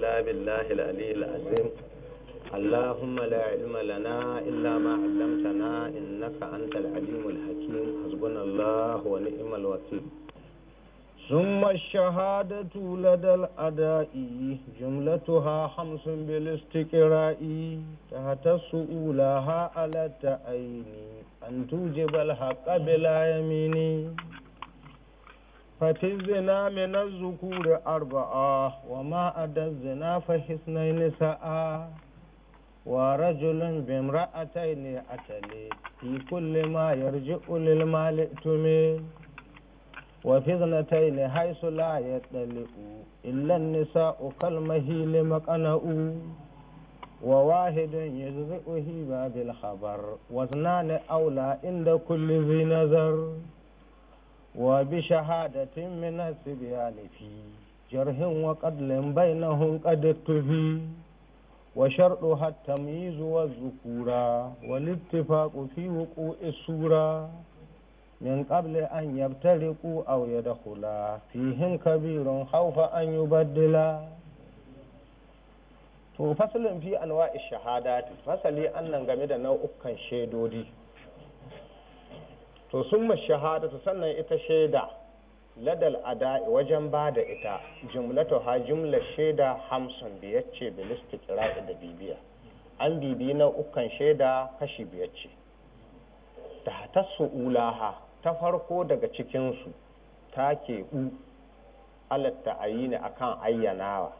إلا بالله العلي العظيم اللهم لا علم لنا إلا ما علمتنا إنك أنت العليم الحكيم حسبنا الله ونعم الوكيل ثم الشهادة لدى الأداء جملتها خمس بالاستقراء تحت سؤولها على التأين أن توجب الحق بلا يمين ففي الزنا من الذكور أربعة وما أدى الزنا فحسنين نساء ورجل بامرأتين أتلي في كل ما يرجع للمال ائتمي وفي اثنتين حيث لا يطلق إلا النساء كالمهيل مقنأ وواحد يجزئه باب الخبر واثنان أولى عند كل ذي نظر wa bi shahada tun min nasibiyali fiye jar hanyar waƙar ne bai na huka wa shardu hattam yi zuwa zukura wa littattafai ko fiye ko isura min ƙarfe an yabtare ku aure da hula tishin kabiru hau fa an yi to fasalin biyan wa'ishaha dace fasali annan game da nau'ukan shaidodi. to summa shahadatu sannan ita shaida ladal ada wajen ba da ita jumlatu ha jumla shaida hamsin biyar ce bilisti kira'i da bibiya an bibi na ukan shaida kashi biyar ce ta ta su'ulaha ta farko daga cikinsu ta ke u alatta a akan ayyanawa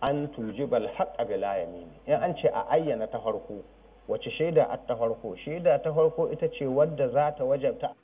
an tujibal haƙa bila yamini in an ce a ayyana ta farko wace shaida a ta farko shaida ta farko ita ce wadda za ta wajabta